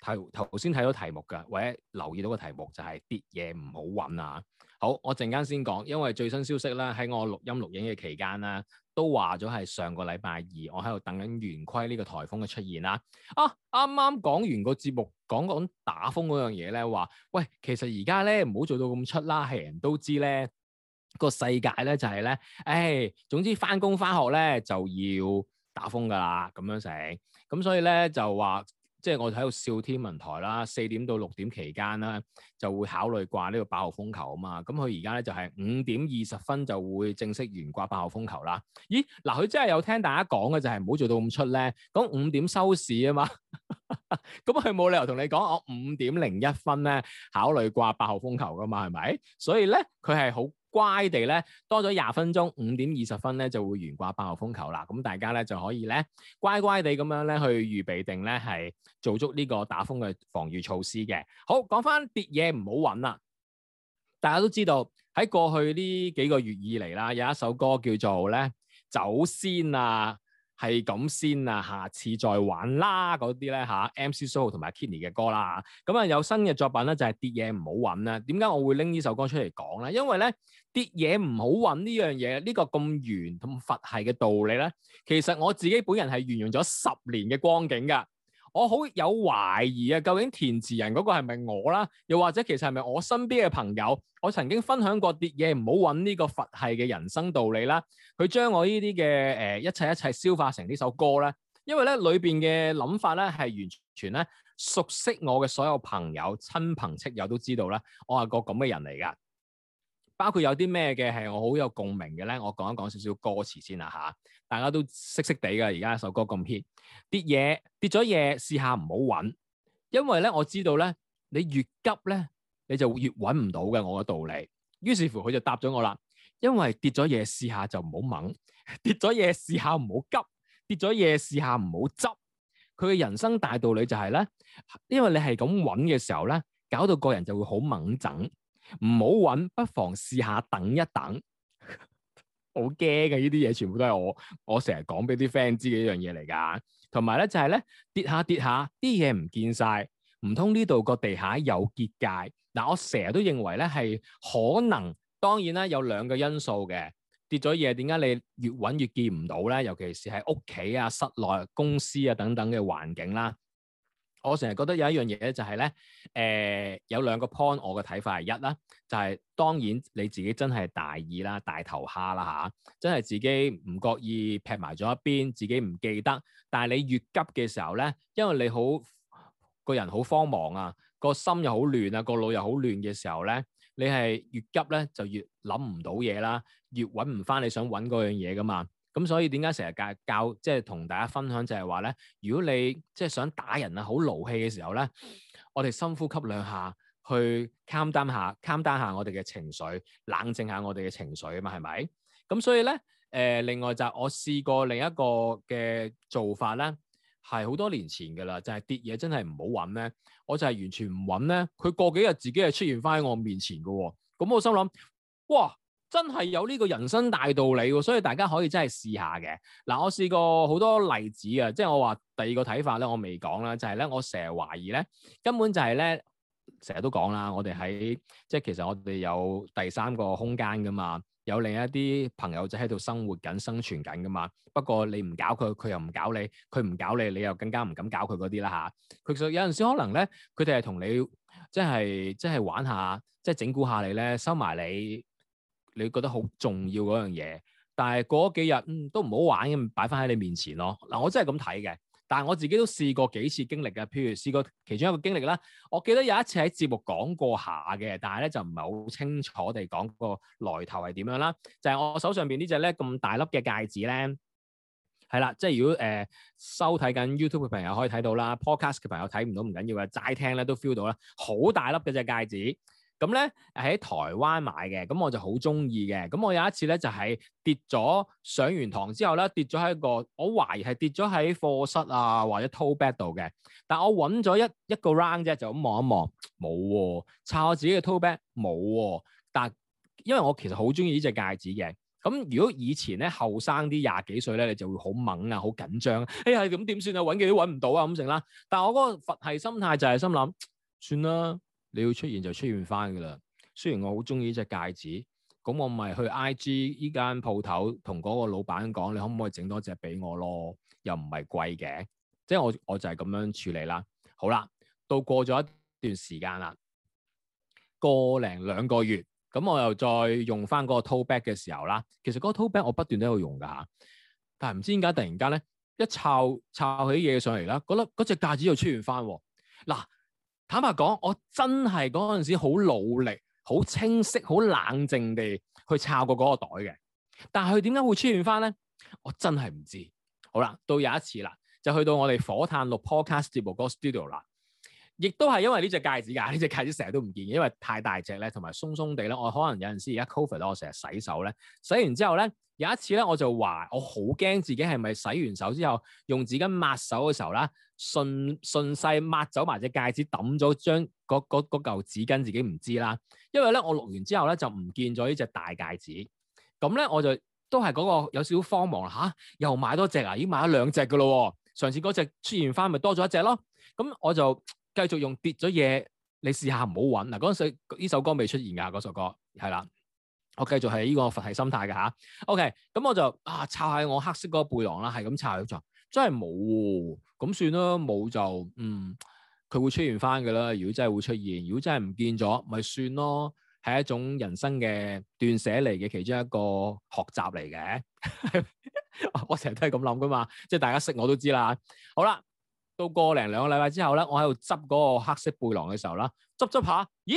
頭先睇到題目噶，或者留意到個題目就係跌嘢唔好搵啊！好，我陣間先講，因為最新消息啦，喺我錄音錄影嘅期間啦，都話咗係上個禮拜二，我喺度等緊圓規呢個颱風嘅出現啦、啊。啊，啱啱講完個節目，講講打風嗰樣嘢咧，話喂，其實而家咧唔好做到咁出啦，係人都知咧個世界咧就係、是、咧，誒、哎，總之翻工翻學咧就要打風噶啦，咁樣成，咁所以咧就話。即係我喺度笑天文台啦，四點到六點期間咧就會考慮掛呢個八號風球啊嘛，咁佢而家咧就係五點二十分就會正式懸掛八號風球啦。咦，嗱佢真係有聽大家講嘅就係唔好做到咁出咧，咁五點收市啊嘛，咁佢冇理由同你講我五點零一分咧考慮掛八號風球噶嘛，係咪？所以咧佢係好乖地咧，多咗廿分鐘，五點二十分咧就會懸掛八號風球啦。咁、嗯、大家咧就可以咧乖乖地咁樣咧去預備定咧係做足呢個打風嘅防禦措施嘅。好，講翻跌嘢唔好搵啦。大家都知道喺過去呢幾個月以嚟啦，有一首歌叫做咧《走先啊》。係咁先啊，下次再玩啦，嗰啲咧嚇，MC Soho 同埋 Kenny 嘅歌啦，咁啊有新嘅作品咧就係跌嘢唔好揾啦。點解我會拎呢首歌出嚟講咧？因為咧跌嘢唔好揾呢樣嘢，呢個咁圓同佛系嘅道理咧，其實我自己本人係沿用咗十年嘅光景㗎。我好有懷疑啊！究竟填詞人嗰個係咪我啦？又或者其實係咪我身邊嘅朋友？我曾經分享過啲嘢，唔好搵呢個佛系嘅人生道理啦。佢將我呢啲嘅誒一切一切消化成呢首歌咧，因為咧裏邊嘅諗法咧係完全咧、啊、熟悉我嘅所有朋友親朋戚友都知道咧，我係個咁嘅人嚟㗎。包括有啲咩嘅係我好有共鳴嘅咧，我講一講少少歌詞先啦嚇，大家都識識地㗎。而家首歌咁 hit，跌嘢跌咗嘢試下唔好揾，因為咧我知道咧你越急咧你就越揾唔到嘅我嘅道理。於是乎佢就答咗我啦，因為跌咗嘢試下就唔好猛，跌咗嘢試下唔好急，跌咗嘢試下唔好執。佢嘅人生大道理就係咧，因為你係咁揾嘅時候咧，搞到個人就會好猛憎。唔好揾，不妨試下等一等。 好驚嘅呢啲嘢，全部都係我我成日講俾啲 friend 知嘅一樣嘢嚟㗎。同埋咧，就係咧跌下跌下啲嘢唔見晒，唔通呢度個地下有結界？嗱，我成日都認為咧係可能，當然啦，有兩個因素嘅跌咗嘢，點解你越揾越見唔到咧？尤其是係屋企啊、室內、公司啊等等嘅環境啦。我成日覺得有一樣嘢咧，就係咧，誒有兩個 point，我嘅睇法係一啦、就係，就係當然你自己真係大意啦、大頭蝦啦嚇、啊，真係自己唔覺意劈埋咗一邊，自己唔記得。但係你越急嘅時候咧，因為你好個人好慌忙啊，個心又好亂啊，個腦又好亂嘅時候咧，你係越急咧就越諗唔到嘢啦，越揾唔翻你想揾嗰樣嘢㗎嘛。咁所以點解成日教教即係同大家分享就係話咧，如果你即係想打人啊，好勞氣嘅時候咧，我哋深呼吸兩下，去 calm down 下，calm down 下我哋嘅情緒，冷靜下我哋嘅情緒啊嘛，係咪？咁所以咧，誒、呃，另外就我試過另一個嘅做法咧，係好多年前嘅啦，就係、是、跌嘢真係唔好揾咧，我就係完全唔揾咧，佢過幾日自己係出現翻喺我面前嘅喎、哦，咁我心諗，哇！真係有呢個人生大道理喎，所以大家可以真係試下嘅。嗱，我試過好多例子啊，即係我話第二個睇法咧，我未講啦，就係咧，我成日懷疑咧，根本就係咧，成日都講啦，我哋喺即係其實我哋有第三個空間噶嘛，有另一啲朋友仔喺度生活緊、生存緊噶嘛。不過你唔搞佢，佢又唔搞你，佢唔搞你，你又更加唔敢搞佢嗰啲啦吓，其實有陣時可能咧，佢哋係同你即係即係玩下，即係整蠱下你咧，收埋你。你覺得好重要嗰樣嘢，但係過幾日，嗯，都唔好玩咁擺返喺你面前咯。嗱、啊，我真係咁睇嘅，但係我自己都試過幾次經歷嘅。譬如試過其中一個經歷啦，我記得有一次喺節目講過下嘅，但係咧就唔係好清楚地講個來頭係點樣啦。就係、是、我手上邊呢隻咧咁大粒嘅戒指咧，係啦，即係如果誒、呃、收睇緊 YouTube 嘅朋友可以睇到啦，Podcast 嘅朋友睇唔到唔緊要嘅，齋聽咧都 feel 到啦，好大粒嘅隻戒指。咁咧喺台灣買嘅，咁我就好中意嘅。咁我有一次咧就係、是、跌咗上完堂之後咧，跌咗喺一個我懷疑係跌咗喺課室啊或者 tote bag 度嘅。但我揾咗一一個 round 啫，就咁望一望，冇喎、啊。查我自己嘅 tote bag 冇喎、啊。但因為我其實好中意呢隻戒指嘅。咁如果以前咧後生啲廿幾歲咧，你就會好猛啊，好緊張。哎呀，咁點算啊？揾極都揾唔到啊，咁成啦。但我嗰個佛系心態就係心諗，算啦。你要出現就出現翻噶啦，雖然我好中意呢隻戒指，咁我咪去 IG 依間鋪頭同嗰個老闆講，你可唔可以整多隻俾我咯？又唔係貴嘅，即係我我就係咁樣處理啦。好啦，到過咗一段時間啦，個零兩個月，咁我又再用翻嗰個 tool bag 嘅時候啦。其實嗰個 tool bag 我不斷都有用噶嚇，但係唔知點解突然間咧一摷摷起嘢上嚟啦，覺得嗰隻戒指又出現翻喎嗱。啊坦白講，我真係嗰陣時好努力、好清晰、好冷靜地去抄過嗰個袋嘅。但係佢點解會出現翻咧？我真係唔知。好啦，到有一次啦，就去到我哋火炭錄 Podcast 節目嗰個 studio 啦。亦都係因為呢隻戒指㗎，呢隻戒指成日都唔見嘅，因為太大隻咧，同埋鬆鬆地咧，我可能有陣時而家 cover 啦，我成日洗手咧，洗完之後咧，有一次咧，我就話我好驚自己係咪洗完手之後用紙巾抹手嘅時候啦，順順勢抹走埋隻戒指，抌咗張嗰嗰嚿紙巾，自己唔知啦。因為咧我錄完之後咧就唔見咗呢隻大戒指，咁咧我就都係嗰個有少少慌忙嚇、啊，又買多隻啊！已經買咗兩隻嘅咯喎，上次嗰隻出現翻咪多咗一隻咯，咁我就，繼續用跌咗嘢，你試下唔好搵嗱。嗰陣時呢首歌未出現噶，嗰首歌係啦。我繼續係呢個佛系心態嘅吓。OK，咁我就啊，擦下我黑色嗰個背囊啦，係咁擦咗就真係冇喎。咁算啦，冇就嗯，佢會出現翻噶啦。如果真係會出現，如果真係唔見咗，咪算咯。係一種人生嘅斷捨離嘅其中一個學習嚟嘅。 我成日都係咁諗噶嘛，即係大家識我都知啦。好啦。到個零兩個禮拜之後咧，我喺度執嗰個黑色背囊嘅時候啦，執執下，咦？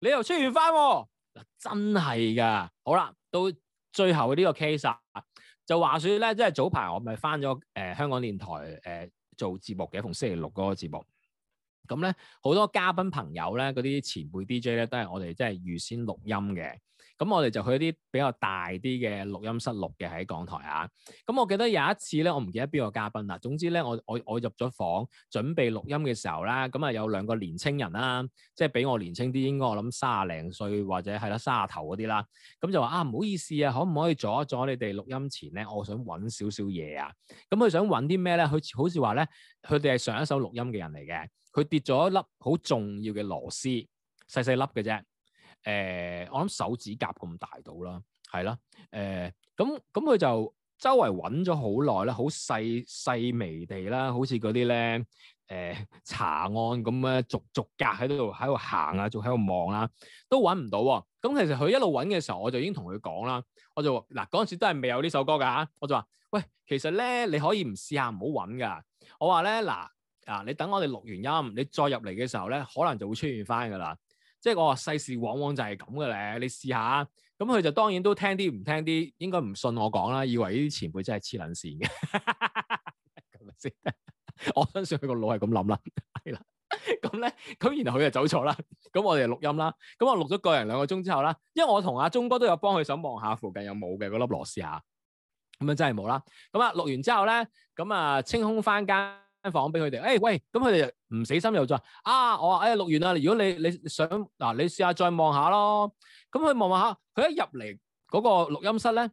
你又出現翻喎！嗱，真係㗎。好啦，到最後呢個 case 啊，就話説咧，即係早排我咪翻咗誒香港電台誒、呃、做節目嘅，逢星期六嗰個節目。咁咧好多嘉賓朋友咧，嗰啲前輩 DJ 咧，都係我哋即係預先錄音嘅。咁我哋就去一啲比較大啲嘅錄音室錄嘅，喺港台啊。咁我記得有一次咧，我唔記得邊個嘉賓啦。總之咧，我我我入咗房準備錄音嘅時候啦。咁啊有兩個年青人啦、啊，即係比我年青啲，應該我諗卅零歲或者係啦卅頭嗰啲啦。咁就話啊，唔好意思啊，可唔可以阻一阻你哋錄音前咧？我想揾少少嘢啊。咁佢想揾啲咩咧？佢好似話咧，佢哋係上一手錄音嘅人嚟嘅。佢跌咗一粒好重要嘅螺絲，細細粒嘅啫。誒、呃，我諗手指甲咁大到啦，係啦、啊，誒、呃，咁咁佢就周圍揾咗好耐啦，好細細微地啦，好似嗰啲咧，誒、呃，查案咁咧，逐逐格喺度喺度行啊，仲喺度望啦，都揾唔到喎、啊。咁其實佢一路揾嘅時候，我就已經同佢講啦，我就話嗱嗰陣時都係未有呢首歌㗎、啊，我就話，喂，其實咧你可以唔試下唔好揾㗎。我話咧嗱，嗱，你等我哋錄完音，你再入嚟嘅時候咧，可能就會出現翻㗎啦。即係我話世事往往就係咁嘅咧，你試下，咁佢就當然都聽啲唔聽啲，應該唔信我講啦，以為呢啲前輩真係黐撚線嘅，係咪先？我相信佢個腦係咁諗啦，係 啦是的，咁 咧，咁然後佢就走錯啦，咁 我哋錄音啦，咁我錄咗個人兩個鐘之後啦，因為我同阿鐘哥都有幫佢想望下附近有冇嘅嗰粒螺絲下咁樣真係冇啦，咁啊錄完之後咧，咁啊清空翻間間房俾佢哋，誒喂，咁佢哋唔死心又再，啊，我話誒錄完啦，如果你你想嗱，你試下再望下咯，咁佢望望下，佢一入嚟嗰個錄音室咧，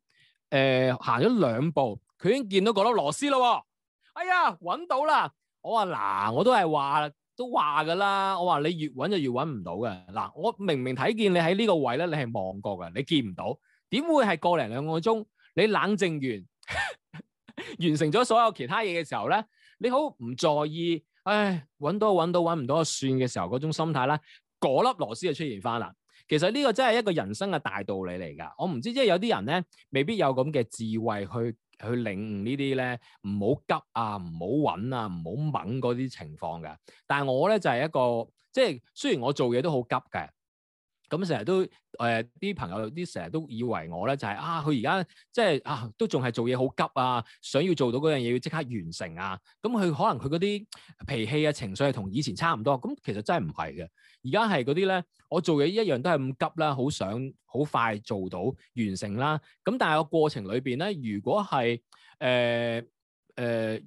誒行咗兩步，佢已經見到嗰粒螺絲咯，哎呀，搵到啦，我話嗱，我都係話都話噶啦，我話你越搵就越搵唔到噶，嗱，我明明睇見你喺呢個位咧，你係望過噶，你見唔到，點會係過零兩個鐘，你冷靜完？完成咗所有其他嘢嘅時候咧，你好唔在意，唉，揾到揾到揾唔到算嘅時候，嗰種心態咧，嗰粒螺絲就出現翻啦。其實呢個真係一個人生嘅大道理嚟噶。我唔知即係有啲人咧，未必有咁嘅智慧去去領悟呢啲咧，唔好急啊，唔好揾啊，唔好猛嗰啲情況噶。但係我咧就係一個，即係雖然我做嘢都好急嘅。咁成日都誒啲、呃、朋友有啲成日都以為我咧就係、是、啊，佢而家即係啊都仲係做嘢好急啊，想要做到嗰樣嘢要即刻完成啊。咁、嗯、佢可能佢嗰啲脾氣啊情緒係同以前差唔多，咁、嗯、其實真係唔係嘅。而家係嗰啲咧，我做嘢一樣都係咁急啦，好想好快做到完成啦。咁、嗯、但係個過程裏邊咧，如果係誒誒，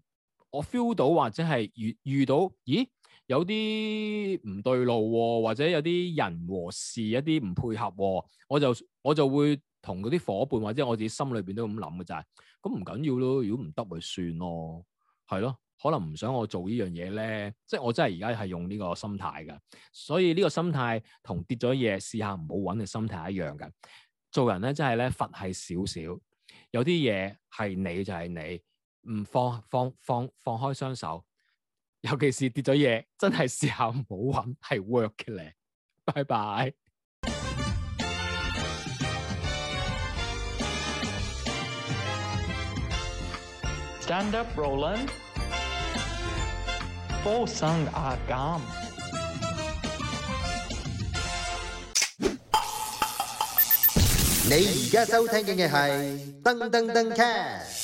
我 feel 到或者係遇遇到咦？有啲唔對路喎，或者有啲人和事一啲唔配合喎，我就我就會同嗰啲伙伴或者我自己心裏邊都咁諗嘅就係，咋，咁唔緊要咯，如果唔得咪算咯，係咯，可能唔想我做呢樣嘢咧，即係我真係而家係用呢個心態嘅，所以呢個心態同跌咗嘢試下唔好搵嘅心態一樣嘅，做人咧真係咧佛係少少，有啲嘢係你就係你，唔放放放放開雙手。尤其是跌咗嘢，真係試下唔好搵，係 work 嘅咧。拜拜。Stand up, Roland。波上壓減。你而家收聽緊嘅係《噔噔噔 cast》。